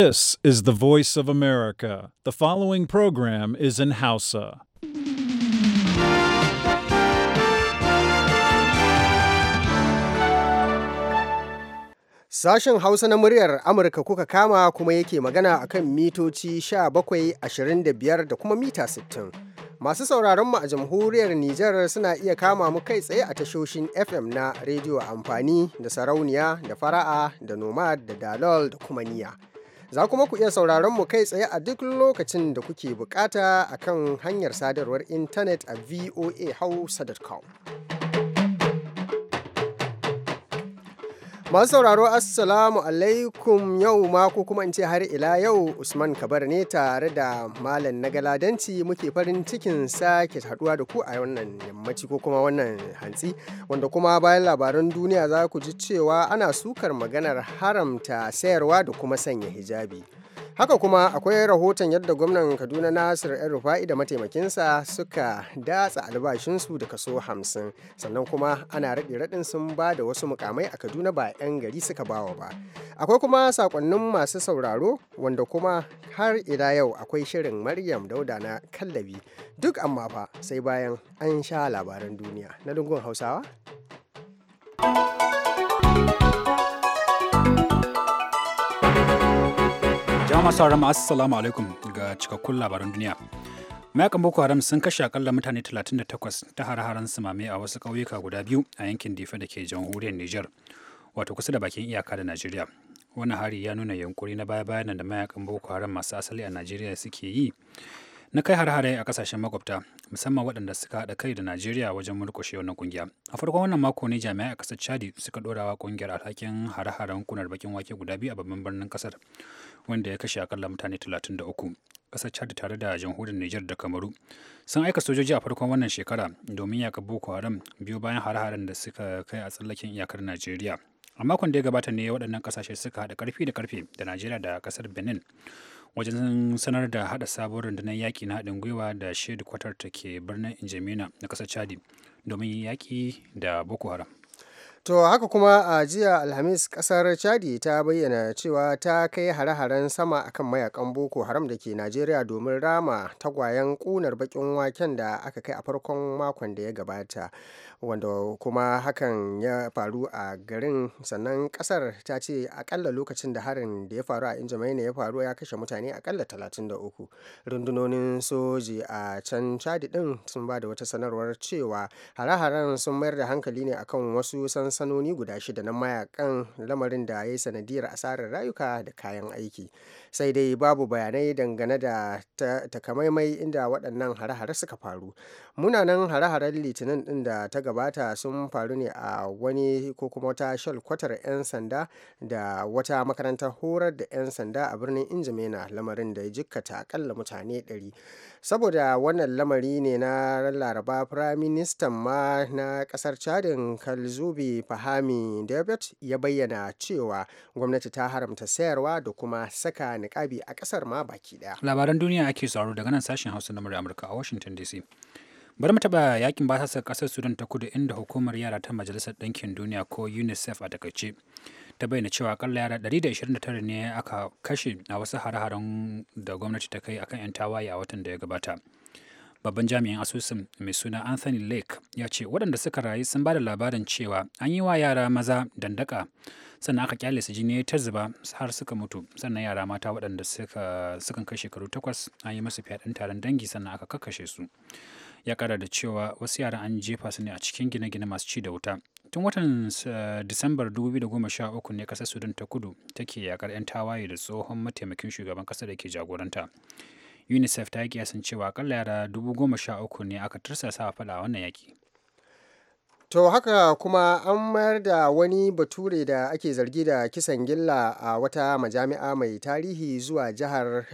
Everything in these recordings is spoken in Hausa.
This is the voice of America. The following program is in Hausa. Sashen Hausa na muryar Amurka kuka kama kuma yake magana akan mitoci bakwai 25 da kuma mita 60. Masu sauraron mu a jamhuriyar Nijar suna iya kama mu kai tsaye a tashoshin FM na rediyo amfani da sarauniya da fara'a da nomad da dalol da kuma niya. Za kuma ku iya sauraron mu kai tsaye a duk lokacin da kuke bukata akan hanyar sadarwar intanet a voahausa.com. Masu sauraro Assalamu alaikum yau ma ko kuma in ce har ila yau Usman Kabar ne tare da Malam na Galadanci muke farin cikin sake haduwa da ku a wannan yammaci ko kuma wannan hantsi wanda kuma bayan labaran duniya za ku ji cewa ana sukar maganar haramta sayarwa da kuma sanya hijabi. haka kuma akwai rahoton yadda gwamnan kaduna nasir yan rufa'i da mataimakinsa suka datsa albashinsu da kaso hamsin sannan kuma ana raɗe raɗin sun ba da wasu mukamai a kaduna ba 'yan gari suka bawa ba akwai kuma sakonnin masu sauraro wanda kuma har ila yau akwai shirin maryam dauda na kallabi duk amma fa sai bayan an sha labaran duniya na lungun hausawa Jama'a masu rama assalamu alaikum ga cikakkun labaran duniya. Mayakan Boko Haram sun kashe akalla mutane 38 ta har-haren sumame a wasu ƙauyuka guda biyu a yankin Difa da ke jamhuriyar Nijar, wato kusa da bakin iyaka da Najeriya. wani hari ya nuna yunkuri na baya-bayan da mayakan Boko Haram masu asali a Najeriya suke yi na kai har-hare a kasashen makwabta musamman waɗanda suka haɗa kai da Najeriya wajen murƙushe wannan kungiya. A farkon wannan mako ne jami'ai a ƙasar Chadi suka ɗorawa kungiyar alhakin hare-haren kunar bakin wake guda biyu a babban birnin ƙasar wanda ya kashe akalla mutane 33. Ƙasar Chadi tare da jamhuriyar Nijar da Kamaru sun aika sojoji a farkon wannan shekara domin yaƙa Boko Haram biyu bayan hare-haren da suka kai a tsallaken iyakar Najeriya. A makon da ya gabata ne waɗannan ƙasashe suka haɗa ƙarfi da ƙarfe da Najeriya da ƙasar Benin. wajen sanar da hada sabon rundunar yaƙi na haɗin gwiwa da shaidu kwatar ta ke birnin injimina na ƙasar chadi domin yaƙi da boko haram To haka kuma a jiya Alhamis ƙasar Chadi ta bayyana cewa ta kai hare-haren sama akan mayakan Boko Haram da ke Najeriya domin rama tagwayen kunar bakin waken da aka kai a farkon makon da ya gabata. wanda kuma hakan ya faru a garin sannan kasar ta ce akalla lokacin da harin da ya faru a ne ya faru ya kashe mutane akalla 33 rundunonin soji a can chadi din sun ba da wata sanarwar cewa hare-haren sun mayar da hankali ne akan wasu sansanoni guda shida na mayakan lamarin da ya yi sanadiyar asarar rayuka da kayan aiki sai dai babu bayanai dangane da takamaimai inda waɗannan hare-hare suka faru munanan hare-haren litinin din da ta gabata sun faru ne a wani ko kuma wata shalkwatar 'yan sanda da wata makarantar horar da 'yan sanda a birnin injimena lamarin da ya jikkata akalla mutane 100 saboda wannan lamari ne na laraba firaministan ma na kasar chadin kalzubi fahami david ya bayyana cewa gwamnati ta haramta sayarwa da kuma saka niƙabi a kasar ma baki daya labaran duniya ake sauro daga nan sashen hausa na murya amurka a washington dc bari mu taɓa yakin basasar ƙasar sudan ta kudu inda hukumar yara ta majalisar ɗankin duniya ko unicef a takaice ta bayyana cewa akalla yara 129 ne aka kashe a wasu hare-haren da gwamnati ta kai akan 'yan tawaye a watan da ya gabata babban jami'in asusun mai suna anthony lake ya ce waɗanda suka rayu sun ba da labarin cewa an yi wa yara maza dandaka sannan aka kyale su jini ta zuba har suka mutu sannan yara mata waɗanda suka kan kai shekaru takwas an yi musu fyaɗen taron dangi sannan aka kakkashe su ya kara da cewa wasu yara an jefa su ne a cikin gine-gine masu ci da wuta tun watan eh, disambar 2013 ne kasar sudan ta kudu take yakar 'yan tawaye da tsohon mataimakin shugaban kasa da ke jagoranta unicef ta yi kiyasin cewa akalla yara 13 ne aka tursasa a faɗa wannan yaki To haka kuma an mayar da wani bature da ake zargi da kisan gilla a wata majami'a mai tarihi zuwa jihar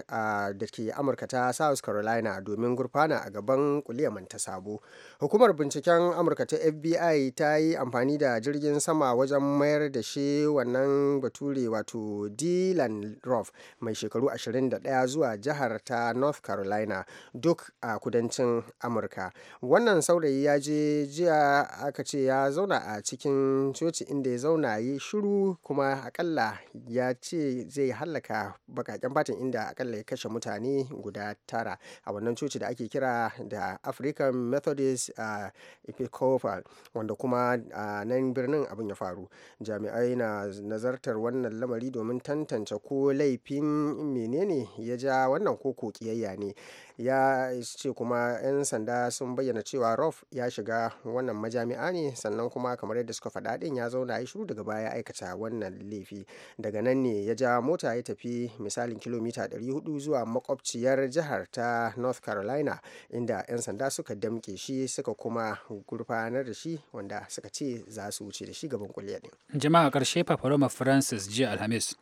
da ke Amurka ta South Carolina domin gurfana a gaban kuliyaman ta sabo. Hukumar binciken Amurka ta FBI ta yi amfani da jirgin sama wajen mayar da shi wannan bature wato Dylan Roth mai shekaru 21 zuwa jihar ta North Carolina duk a kudancin Amurka. Wannan saurayi ya je jiya aka ce ya zauna a cikin coci inda ya zauna ya shiru kuma akalla ya ce zai hallaka bakaken fatin inda akalla ya kashe mutane guda tara a wannan coci da ake kira da african methodist uh, episcopal wanda kuma a uh, nan birnin abin ya faru jami'ai na nazartar wannan lamari domin tantance ko laifin menene ya ja wannan koko kiyayya ne ya ce kuma 'yan sanda sun bayyana cewa rof ya shiga wannan majami'a ne sannan kuma kamar yadda suka faɗa ɗin ya zauna ya shiru daga baya aikata wannan laifi daga nan ne ya ja mota ya tafi misalin kilomita 400 zuwa makwabciyar jihar ta north carolina inda 'yan sanda suka damke shi suka kuma gurfanar da shi wanda suka ce za su wuce da shi gaban kuliya ɗin jama'a karshe paparoma francis jiya alhamis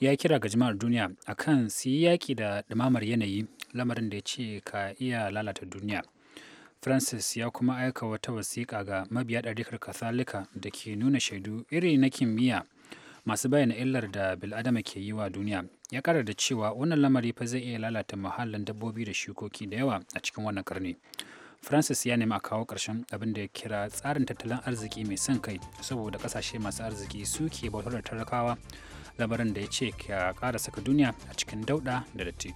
ya kira ga jama'ar duniya akan su yi yaƙi da ɗumamar yanayi lamarin da ya ce ka iya lalata duniya. Francis ya kuma aika wata wasiƙa ga mabiya ɗarikar Katolika da ke nuna shaidu iri na kimiyya masu bayyana illar da bil'adama ke yi wa duniya. Ya ƙara da cewa wannan lamari fa zai iya lalata muhallin dabbobi da shukoki da yawa a cikin wannan ƙarni. Francis ya nemi a kawo ƙarshen abin da ya kira tsarin tattalin arziki mai son kai saboda ƙasashe masu arziki su ke bautar da talakawa lamarin da ya ce ka ƙara saka duniya a cikin dauɗa da datti.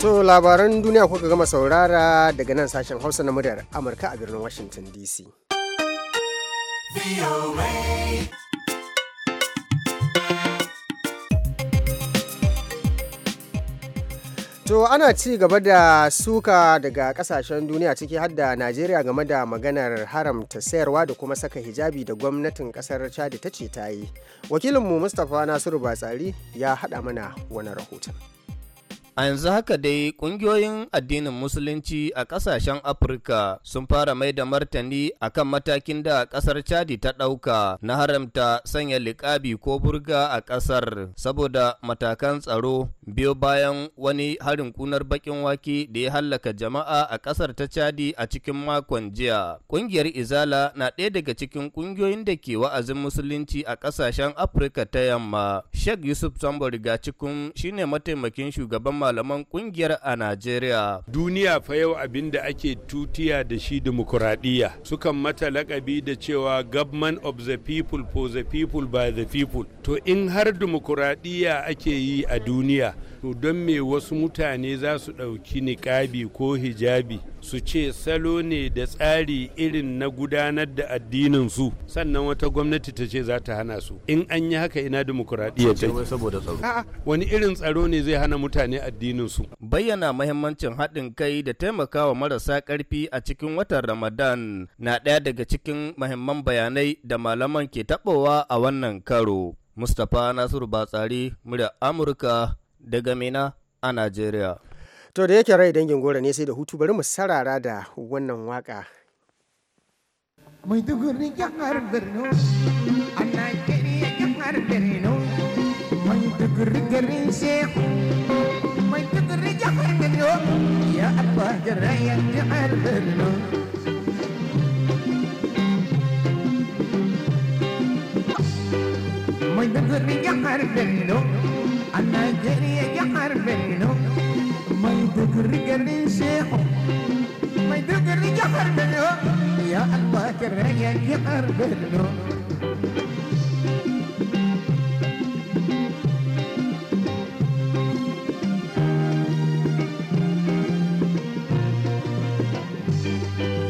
To labaran duniya kuka gama saurara daga nan sashen Hausa na muryar Amurka a birnin Washington DC. To ana ci gaba da suka daga kasashen duniya ciki har da Najeriya game da maganar haramta sayarwa da kuma saka hijabi da gwamnatin kasar Chad ta ce ta yi. Wakilinmu Mustapha Nasiru Batsari ya haɗa mana wani rahoton. A yanzu haka dai ƙungiyoyin addinin Musulunci a ƙasashen Afirka sun fara mai da martani a kan matakin da ƙasar Chadi ta ɗauka na haramta sanya liƙabi ko burga a ƙasar saboda matakan tsaro biyo bayan wani harin kunar baƙin wake da ya hallaka jama'a a ƙasar ta Chadi a cikin makon jiya. Ƙungiyar Izala na ɗaya daga cikin ƙungiyoyin da ke wa'azin Musulunci a ƙasashen Afirka ta yamma. Sheikh Yusuf Sambo Rigacikun shine mataimakin shugaban malaman kungiyar a Najeriya. Duniya fa yau abin da ake tutiya da shi dimokuraɗiyya sukan mata lakabi da cewa government of the people for the people by the people. To in har dimokuraɗiyya ake yi a duniya to don me wasu mutane za su ɗauki niƙabi ko hijabi su ce salo ne da tsari irin na gudanar da addinin su sannan wata gwamnati ta ce za ta hana su in an yi haka ina demokuraɗiyya ce saboda tsaro wani irin tsaro ne zai hana mutane addinin su bayyana mahimmancin haɗin kai da taimakawa marasa ƙarfi a cikin watan Ramadan na ɗaya daga cikin mahimman bayanai da malaman ke taɓowa a wannan karo Mustapha Nasiru Batsari murya Amurka daga Mina a Najeriya to da yake rai dangin gora ne sai da hutu bari mu sarara da wannan waka ya jihar borno a najeriya jihar borno maiduguri garin shehu maiduguri jihar borno ya abba jirayen jihar borno maiduguri jihar borno a najeriya jihar borno dukri gani sheho mai dukri jahar beno ya allah kerenge jahar beno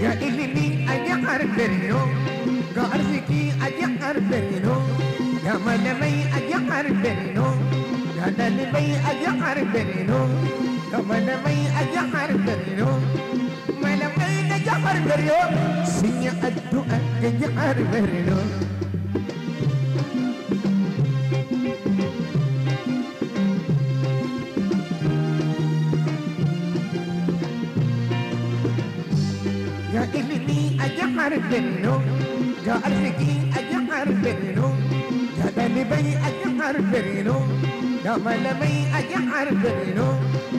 ya ini ni aja har beno arziki aja har beno ya malamai aja har ya dalibai aja har malamai a jihar Borno malamai na jihar Borno sun yi addu'a ga jihar Borno ga ilimi a jihar Borno ga arziki a jihar Borno ga ɗalibai a jihar Borno da malamai a jihar Borno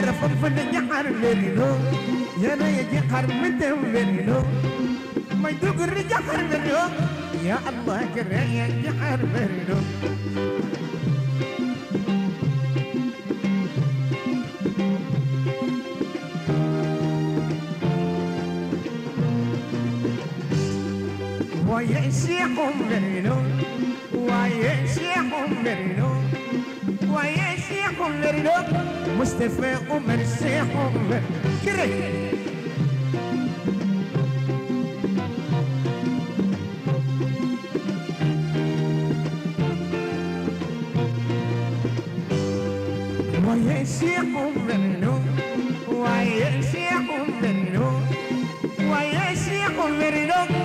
رفض فن يحر لينو يا انا يجي قر من دم لينو ما يدوق الرجع حر لينو يا الله كرهي يجي حر لينو ويشيحهم منو ويشيحهم منو ويشيحهم مرسيح مرنوك مصطفى ومرسيح كره ويسيح مرنوك ويسيح مرنوك ويسيح مرنوك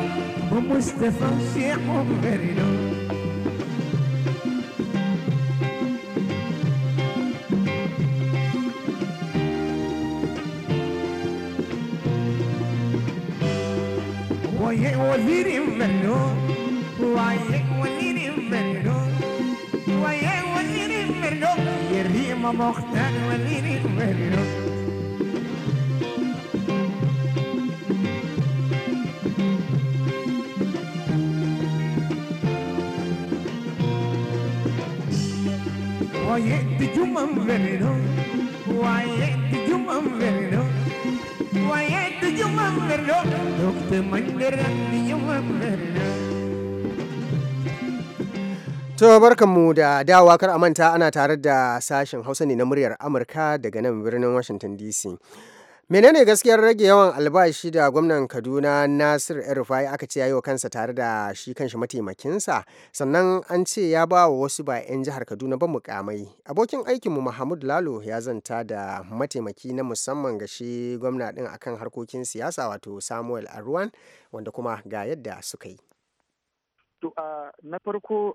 ومصطفى سيح مرنوك Mamá مختل وليني وليني Why it did Oye, Why Oye, Why Doctor and the young To barkanmu da dawa kar a manta ana tare da sashen Hausa ne na muryar Amurka daga nan birnin Washington DC. menene gaskiyar rage yawan albashi da gwamnan kaduna nasir rufai aka ce yayi wa kansa tare da shi kanshi mataimakinsa sannan an ce ya ba wa wasu ba 'yan jihar kaduna ba mukamai abokin aikinmu mahmud lalo ya zanta da mataimaki na musamman ga shi gwamna din akan harkokin siyasa wato samuel arwan wanda kuma ga yadda suka yi To a na farko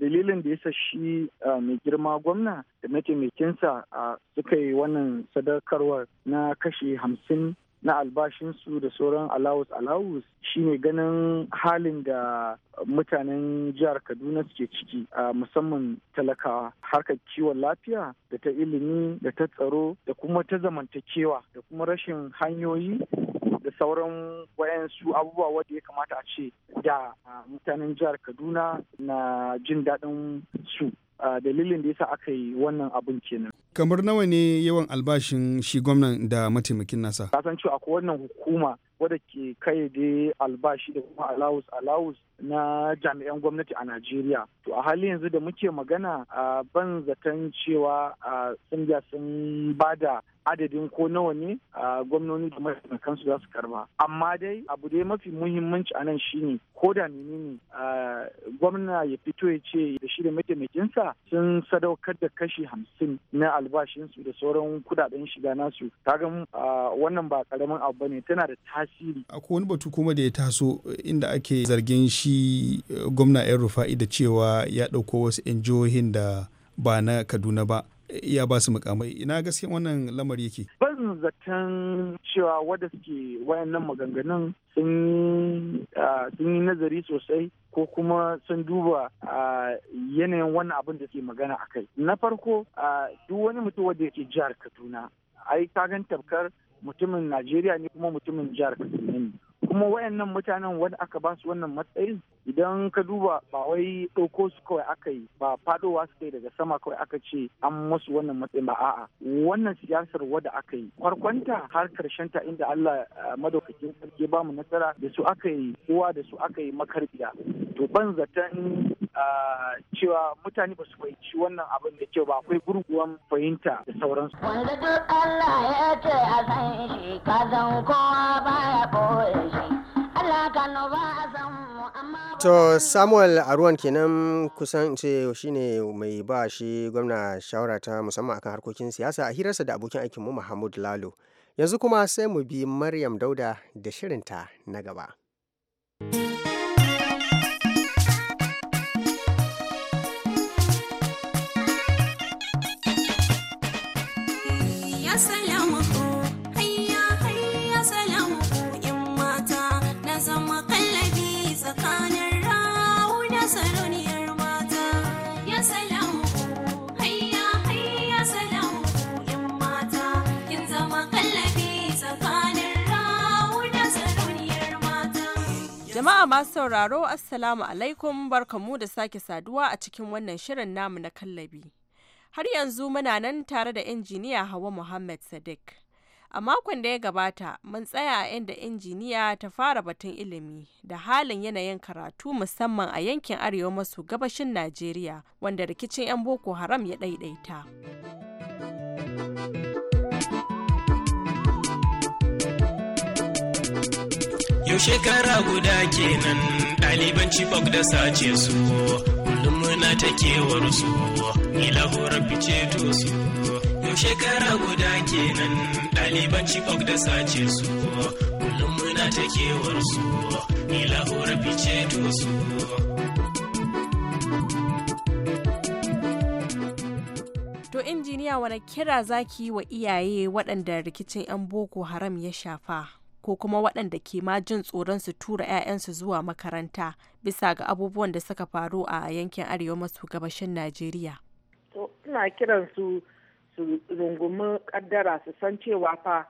dalilin da yasa shi mai girma gwamna da mataimakinsa suka yi wannan sadaukarwar na kashe hamsin na albashinsu da sauran alawus alawus shine ganin halin da mutanen jihar kaduna suke ciki a musamman talakawa harkar kiwon lafiya da ta ilimi da ta tsaro da kuma ta zamantakewa da kuma rashin hanyoyi sauran wayansu abubuwa wanda ya kamata a ce da mutanen jihar kaduna na jin daɗin su dalilin da yasa aka yi wannan abun kenan kamar nawa ne yawan albashin shi gwamnan da mataimakin nasa san cewa akwai wannan hukuma wadda ke da albashi da kuma alawus alawus na jami'an gwamnati a Najeriya. To a halin yanzu da muke magana a ban zaton cewa sun biya sun bada adadin ko nawa ne a gwamnoni da mataimakansu za su karba. Amma dai abu dai mafi muhimmanci a nan shine ko da menene gwamna ya fito ya ce da shi da mataimakinsa sun sadaukar da kashi hamsin na albashinsu da sauran kudaden shiga nasu. Kaga wannan ba karamin abu ne. tana da tashi tasiri. Akwai wani batu kuma da ya taso eh, inda ake zargin shi eh, gwamna yan rufa'i da cewa ya ɗauko wasu 'yan jihohin da ba na Kaduna ba. Eh, ya ba su mukamai ina gaske wannan lamari yake ban zaton cewa wadda suke wayannan maganganun sun yi nazari sosai ko kuma sun duba yanayin wannan abin da ke magana a kai na farko duk wani mutum wadda yake jihar kaduna ai ka gan tabkar mutumin najeriya ne kuma mutumin jihar kaduna ne kuma wayannan mutanen wanda aka ba su wannan matsayin idan ka duba ba wai ɗauko su kawai aka yi ba fadowa su kai daga sama kawai aka ce an musu wannan matsayin ba a'a wannan siyasar wadda aka yi kwarkwanta har karshen ta inda Allah eh, madaukakin sarki ba mu nasara da su aka yi kowa da su aka yi makarbiya to ban zaton cewa mutane ba su fahimci wannan abin da kyau ba akwai gurguwan fahimta da sauransu. Wanda duk Allah ya ce a san shi ka zan kowa ya koye shi. Allah ka ba a san mu amma. To Samuel Aruwan kenan kusan ce shi ne mai ba shi gwamna shawara ta musamman akan harkokin siyasa a hirarsa da abokin aikinmu Mahmud Lalo. Yanzu kuma sai mu bi Maryam Dauda da shirinta na gaba. Jama'a masu sauraro Assalamu alaikum barkamu da sake saduwa a cikin wannan shirin namu na kallabi. Har yanzu muna nan tare da injiniya Hawa Muhammad Sadiq. A makon da ya gabata mun tsaya a inda injiniya ta fara batun ilimi da halin yanayin karatu musamman a yankin arewa maso gabashin Najeriya wanda rikicin 'yan Boko Haram ya ɗaiɗaita. yau shekara guda kenan ɗaliban cibok da sace su kullum muna ta kewar su ila lahorar fice to su yau shekara guda kenan ɗaliban cibok da sace su kullum muna ta kewar su ila lahorar fice to su To injiniya wani kira zaki yi wa iyaye waɗanda rikicin 'yan boko haram ya shafa? ko kuma waɗanda ke ma jin tsoron su tura 'ya'yansu zuwa makaranta bisa ga abubuwan da suka faru a yankin arewa masu gabashin Najeriya. To ina kiran su su rungumi kaddara su san cewa fa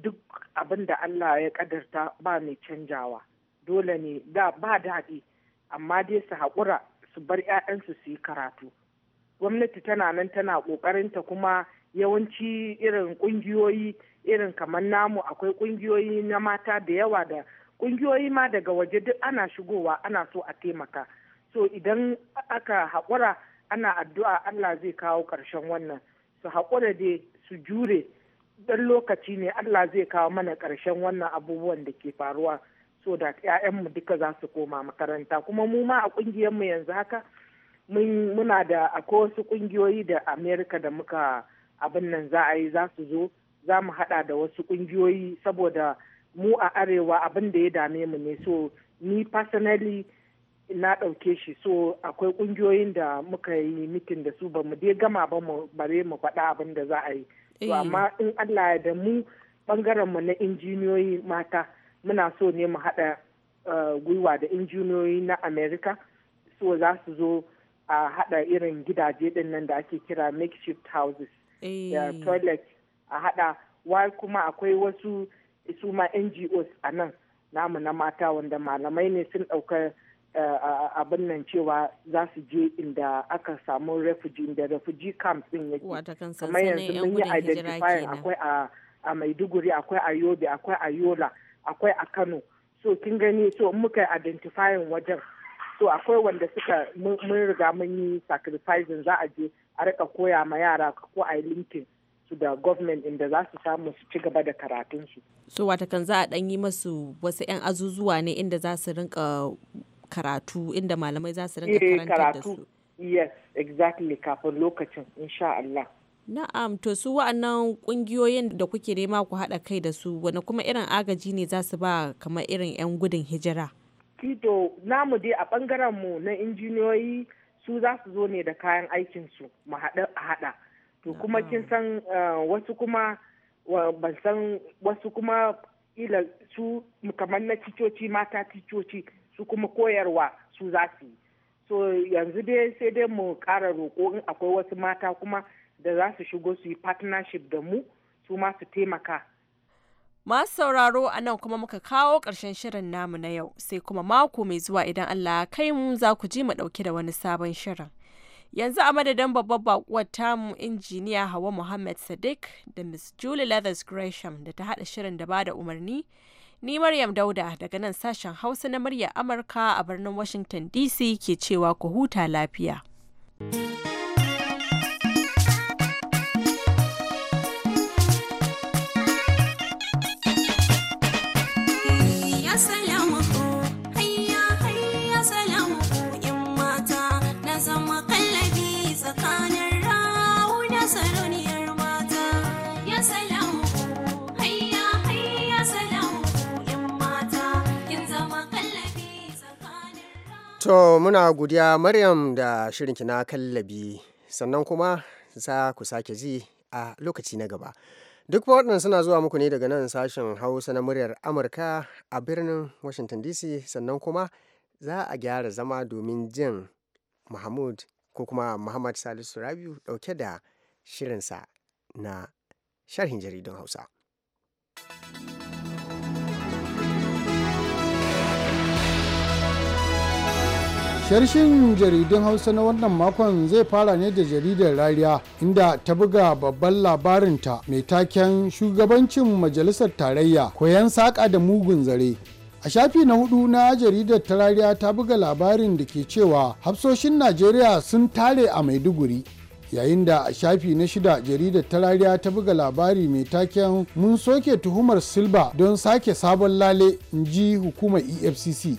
duk abin da Allah ya kadarta ba mai canjawa dole ne da ba daɗi amma dai su haƙura su bar 'ya'yansu su yi karatu gwamnati tana nan tana ƙoƙarinta kuma yawanci irin kungiyoyi irin kamar namu akwai kungiyoyi na mata da yawa da kungiyoyi ma daga waje duk ana shigowa ana so a taimaka so idan aka haƙura ana addu'a Allah zai kawo ƙarshen wannan su haƙura dai su jure dan lokaci ne Allah zai kawo mana ƙarshen wannan abubuwan da ke faruwa so da ƴaƴanmu duka za su koma makaranta kuma mu ma a ƙungiyarmu yanzu haka muna da akwai wasu ƙungiyoyi da Amerika da muka abin nan za a yi za su zo za mu haɗa da wasu ƙungiyoyi saboda mu a arewa abin da ya dame mu ne so ni personally na ɗauke shi so akwai ƙungiyoyin da muka yi mitin da su ba mu dai gama ba mu bare mu faɗa abin da za a yi to eh. amma in Allah ya da mu ɓangaren mu na injiniyoyi mata muna so ne mu haɗa eh, gwiwa da injiniyoyi na America so za su zo a haɗa irin gidaje ɗin nan da ake kira makeshift houses Eh. da toilet a hada wai kuma akwai wasu su ma ngos a nan namu na mata wanda malamai ne sun ɗaukar eh, abin nan cewa za su je inda aka samu refugee inda refugee camp din yake kuma yanzu mun yi identifier akwai a maiduguri akwai a yobe akwai a yola akwai a kano so kin gani so muka identifying wajen so akwai wanda suka mun riga mun yi sacrificing za a je a rika koya ma yara ko a yi linkin su da government inda za su samu su ci gaba da karatunsu. So watakan za a ɗan yi masu wasu 'yan azuzuwa ne inda za su rinka karatu inda malamai za su rinka eh, karatu da su. Yes, exactly kafin lokacin insha Allah. Na'am, to su wa'annan kungiyoyin da kuke nema ku haɗa kai da su wani kuma irin agaji ne za su ba kamar irin 'yan gudun hijira? Kido, namu dai a ɓangaren mu na injiniyoyi su za su zo ne da kayan aikinsu mu haɗa a haɗa to kuma kin san eh, wasu kuma ban san wasu kuma ila su kamar na ticoci mata ticoci su kuma koyarwa su za su yi so yanzu dai sai dai mu ƙara roƙo in akwai wasu mata kuma da za su shigo su yi partnership da mu su ma su taimaka Masu sauraro a nan kuma muka kawo ƙarshen shirin namu na yau sai kuma mako mai zuwa idan Allah kai mu za ku ji mu ɗauki da wani sabon shirin. Yanzu a madadin babbar ta tamu injiniya Hawa Muhammad Sadiq da Miss Julie Leathers Gresham da ta haɗa shirin da bada umarni. Ni Maryam Dauda daga nan sashen Hausa na murya Amurka a birnin Washington DC ke cewa ku huta lafiya. thank To muna godiya Maryam da shirinki na kallabi sannan kuma za ku sake ji a lokaci na gaba. Duk waɗannan suna zuwa muku ne daga nan sashen Hausa na muryar Amurka a birnin Washington DC sannan kuma za a gyara zama domin jin Mahmud ko kuma Muhammad Salisu Rabiu ɗauke da shirinsa na sharhin jaridun Hausa. Sharshin jaridun Hausa na wannan makon zai fara ne da jaridar Rariya inda ta buga babban labarinta mai taken shugabancin majalisar tarayya koyan saƙa da mugun zare. A shafi na hudu na jaridar Tarariya ta buga labarin da ke cewa hafsoshin Najeriya sun tare a Maiduguri. yayin da a shafi na shida jaridar tarariya ta buga labari mai taken mun soke tuhumar silba don sake sabon lale in ji hukumar efcc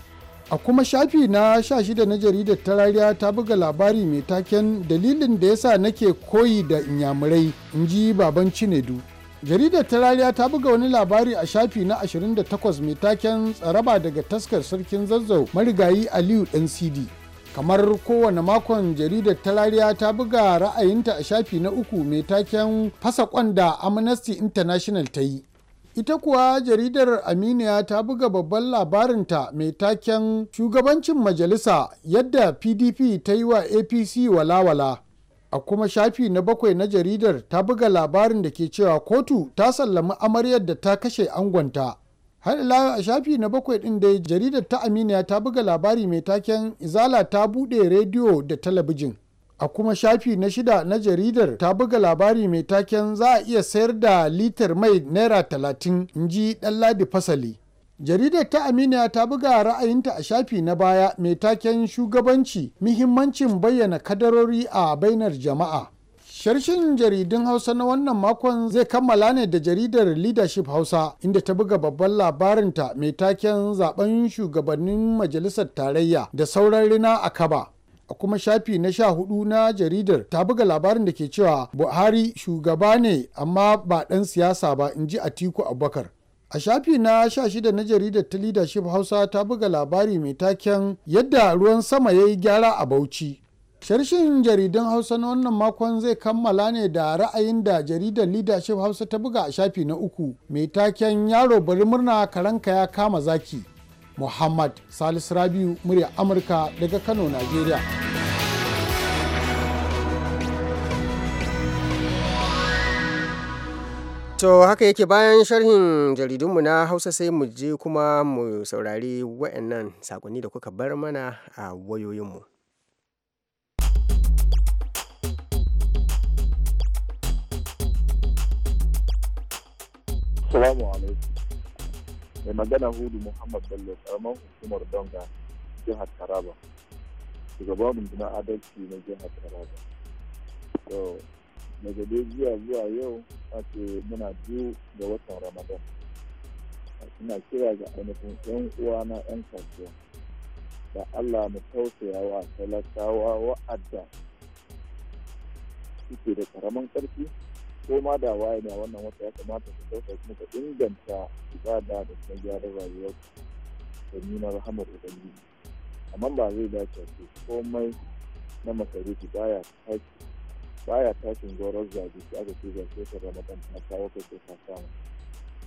a kuma shafi na sha shida na jaridar tarariya ta buga labari mai taken dalilin da yasa nake koyi da inyamurai in ji baban cinedu jaridar tarariya ta buga wani labari a shafi na 28 mai taken tsaraba daga taskar sarkin zazzau marigayi aliyu dan sidi kamar kowane makon jaridar tarariya ta buga ra'ayinta a shafi na uku mai taken fasa kwanda amnesty international ta yi Ita kuwa jaridar Aminiya ta buga babban labarinta mai taken shugabancin majalisa yadda PDP ta yi wa APC walawala. A kuma shafi na bakwai na jaridar ta buga labarin da ke cewa kotu ta sallami amaryar da ta kashe angonta. har ila a shafi na bakwai ɗin da jaridar ta aminiya ta buga labari mai taken izala ta buɗe rediyo da talabijin a kuma shafi na shida na jaridar ta buga labari mai taken za a iya sayar da litar mai naira talatin in ji ladi fasali jaridar ta aminiya ta buga ra'ayinta a shafi na baya mai taken shugabanci muhimmancin bayyana kadarori a bainar jama'a Sharshin jaridun Hausa na wannan makon zai kammala ne da jaridar Leadership Hausa inda ta buga babban labarinta mai taken zaben shugabannin majalisar tarayya da sauran rina a kaba. a kuma shafi na sha hudu na jaridar ta buga labarin da ke cewa buhari shugaba ne amma ba dan siyasa ba in ji atiku abubakar a shafi na sha shida na jaridar ta leadership hausa ta buga labari mai taken yadda ruwan sama ya yi gyara a bauchi sharshin jaridun hausa na wannan makon zai kammala ne da ra'ayin da jaridar leadership hausa ta buga a shafi na uku mai taken yaro bari murna karanka ya kama zaki Muhammad Salisu Rabiu murya Amurka daga Kano, Najeriya. To haka yake bayan sharhin jaridunmu na Hausa sai mu je kuma mu saurari waɗannan sakonni da kuka bar mana a wayoyinmu. Salamu alaikum. mai magana hudu muhammad bello karamar hukumar donga jihar taraba shugaban rundunar adalci na jihar taraba so daga dai zuwa zuwa yau ake muna biyu ga watan ramadan ina kira ga ainihin yan uwa na yan kasuwa da allah mu tausaya wa talakawa wa'adda suke da karamin karfi ko ma da waye ne a wannan wata ya kamata su kauta kuma ka inganta ibada da kuma gyaran rayuwar da nuna rahamar ubangiji amma ba zai dace ce, komai na masarufi baya tashi baya tashin goron zabi da aka ce zafi ta ramadan na kawo kai ta samu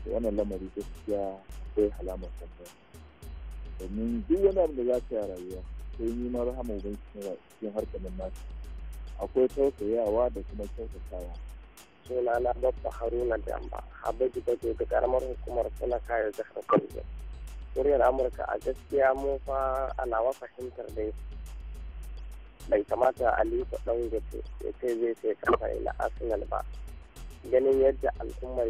da wannan lamari gaskiya akwai halamar kanta domin duk wani abu da za ka yi a rayuwa sai ni ma rahama ubangiji cikin harkar nan nasu akwai tausayawa da kuma kyautatawa suna na babba haruna damba habaji baje da karamar hukumar suna kayar jihar kwalbe muryar amurka a gaskiya mu fa alawa fahimtar yake. bai kamata aliko ɗan gaske ya ce zai sai kafa ila arsenal ba ganin yadda al'ummar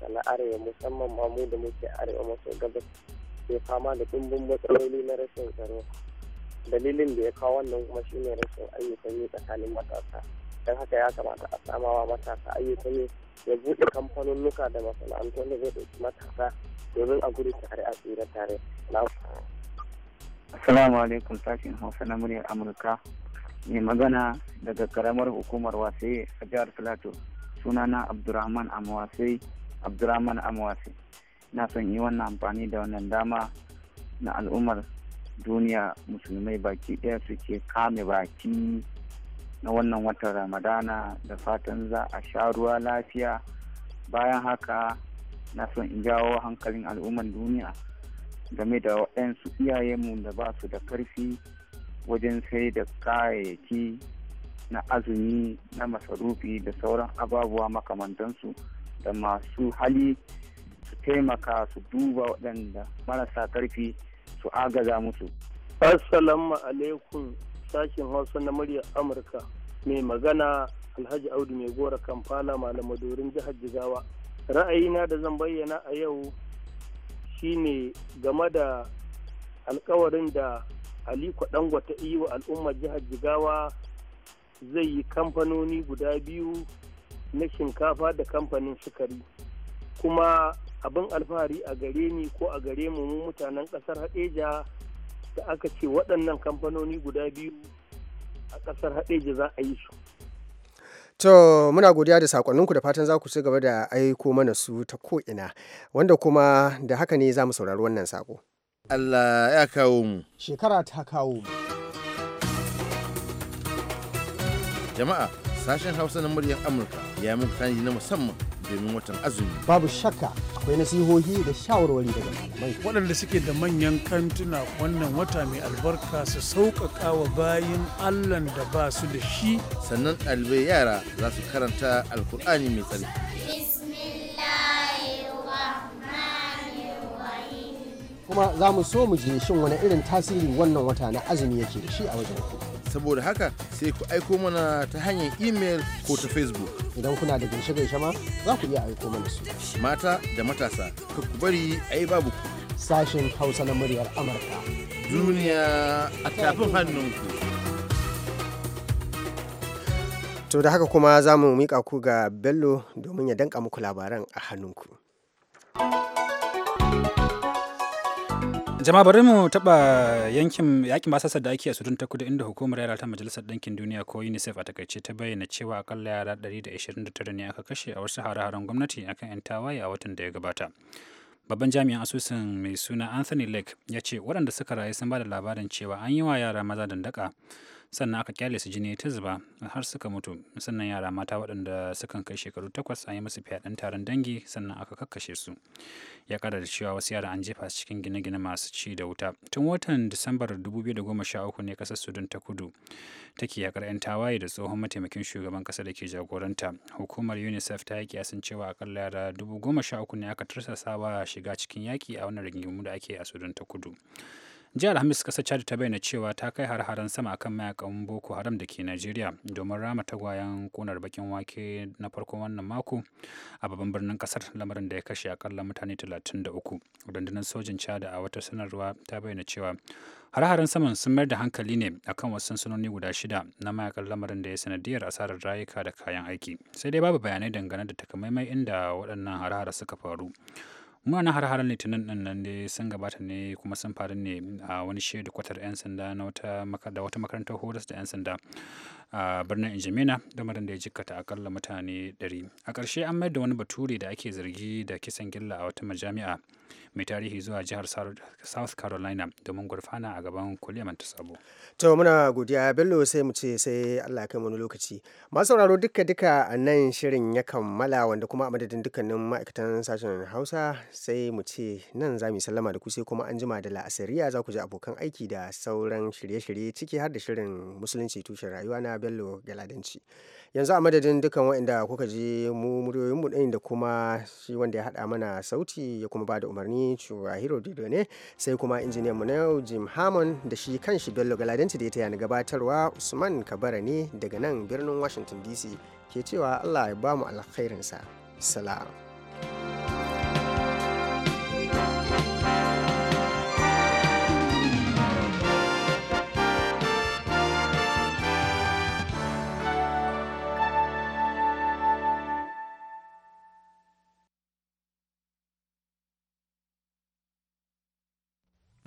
sa na arewa musamman ma mu da muke arewa maso gabas ke fama da dimbin matsaloli na rashin tsaro dalilin da ya kawo wannan kuma shine rashin ayyukan yi tsakanin matasa dan haka ya kamata a samawa matasa ayyukan ne ya buɗe kamfanunnuka da masana'antu da zai ɗauki matasa domin a gudu tare a tsira tare. Assalamu alaikum sashen Hausa na muryar Amurka. Mai magana daga karamar hukumar wasai a jihar Filato. Sunana Abdurrahman Amwasai. Abdurrahman Amwasai. Na son yi wannan amfani da wannan dama na al'ummar duniya musulmai baki ɗaya suke kame baki na wannan watan ramadana da fatan za a sha ruwa lafiya bayan haka na son in jawo hankalin al'umman duniya game da waɗansu iyayenmu da ba su da karfi wajen sai da kayayyaki na azumi na masarufi da sauran ababuwa makamantansu da masu hali su taimaka su duba waɗanda marasa karfi su agaza musu assalamu alaikum sashen hausa na muryar amurka mai magana alhaji audu mai gora kamfana malamadorin jihar jigawa ra'ayina da zan bayyana a yau shine game da alkawarin da aliko dangwata yi wa al'ummar jihar jigawa zai yi kamfanoni guda biyu na shinkafa da kamfanin sukari kuma abin alfahari a gare ni ko a gare mu mutanen kasar hadeja da aka ce waɗannan kamfanoni guda biyu a ƙasar haɗeji za a yi su To muna godiya da sakonninku da fatan za ku ci gaba da aiko mana su ta ko'ina wanda kuma da haka ne za mu saurari wannan sako. Allah ya kawo mu. Shekara ta kawo mu. Jama'a sashen Hausa na muryar Amurka ya muku tanadi na musamman domin watan azumi. Babu shakka akwai nasihohi da shawarwari daga malamai. Waɗanda suke da manyan kantuna wannan wata mai albarka su sauƙaƙa wa bayin Allahn da ba su da shi. Sannan ɗalibai yara za su karanta Alkur'ani mai tsarki. kuma za mu so mu je shin wani irin tasiri wannan wata na azumi yake da shi a wajen ku. saboda haka sai ku aiko mana ta hanyar email ko ta facebook idan kuna da gaishe-gaishe ma za ku iya aiko mana su mata da matasa ka ku bari a yi babu ku sashen hausa na muryar amurka duniya a tafin hannunku to da haka kuma za mu mika ku ga bello domin ya danka muku labaran a hannunku. jama'a bari mu taba yankin yakin basasar da ake a sudan ta kudu inda hukumar yara ta majalisar ɗinkin duniya ko unicef a takaice ta bayyana cewa akalla yara 129 ne aka kashe a wasu hare-haren gwamnati akan 'yan tawaye a watan da ya gabata babban jami'an asusun mai suna anthony lake ya ce waɗanda suka rayu sun ba da labarin cewa an yi wa yara maza dandaka sannan aka kyale su jini ta zuba har suka mutu sannan yara mata waɗanda sukan kai shekaru takwas an yi musu fyaɗen taron dangi sannan aka kakkashe su ya ƙara da cewa wasu yara an jefa su cikin gine-gine masu ci da wuta tun watan disambar 2013 ne ƙasar sudan ta kudu take yakar 'yan tawaye da tsohon mataimakin shugaban ƙasa da ke jagoranta hukumar unicef ta yi kiyasin cewa akalla yara 13 ne aka tursasa wa shiga cikin yaƙi a wannan rigingimu da ake a sudan ta kudu jihar alhamis kasar chad ta bayyana cewa ta kai har-haren sama akan mayakan boko haram da ke najeriya domin rama tagwayen konar bakin wake na farko wannan mako a babban birnin kasar lamarin da ya kashe akalla mutane 33 rundunar sojin chad a wata sanarwa ta bayyana cewa har-haren saman sun mayar da hankali ne akan wasu sansanoni guda shida na mayakan lamarin da ya sanadiyar asarar rayuka da kayan aiki sai dai babu bayanai dangane da takamaimai inda waɗannan har-hara suka faru Munanan har harar Litinin ɗin nan dai sun gabata ne kuma sun faru ne a wani shaidu kwatar 'yan sanda da wata makarantar horas da 'yan sanda a birnin Injimena marin da ya jikkata akalla mutane 100. A ƙarshe an mayar da wani bature da ake zargi da kisan gilla a wata majami'a. mai tarihi zuwa jihar south carolina domin gurfana a gaban kuliyar ta sabo to muna godiya bello sai mu ce sai allah kai wani lokaci masu sauraro duka duka a nan shirin ya kammala wanda kuma a madadin dukkanin ma'aikatan sashen hausa sai mu ce nan za mu sallama da ku sai kuma an jima da la'asariya za ku ji abokan aiki da sauran shirye-shirye ciki har da shirin musulunci tushen rayuwa na bello galadanci yanzu a madadin dukan waɗanda kuka ji mu muryoyinmu ɗin da kuma shi wanda ya haɗa mana sauti ya kuma ba da umarni cewa hero dido ne sai kuma injiniyan mu na yau jim hammond da shi kan shi bello galadanci da ya taya ni gabatarwa usman kabara ne daga nan birnin washington dc ke cewa allah ya bamu alkhairinsa salam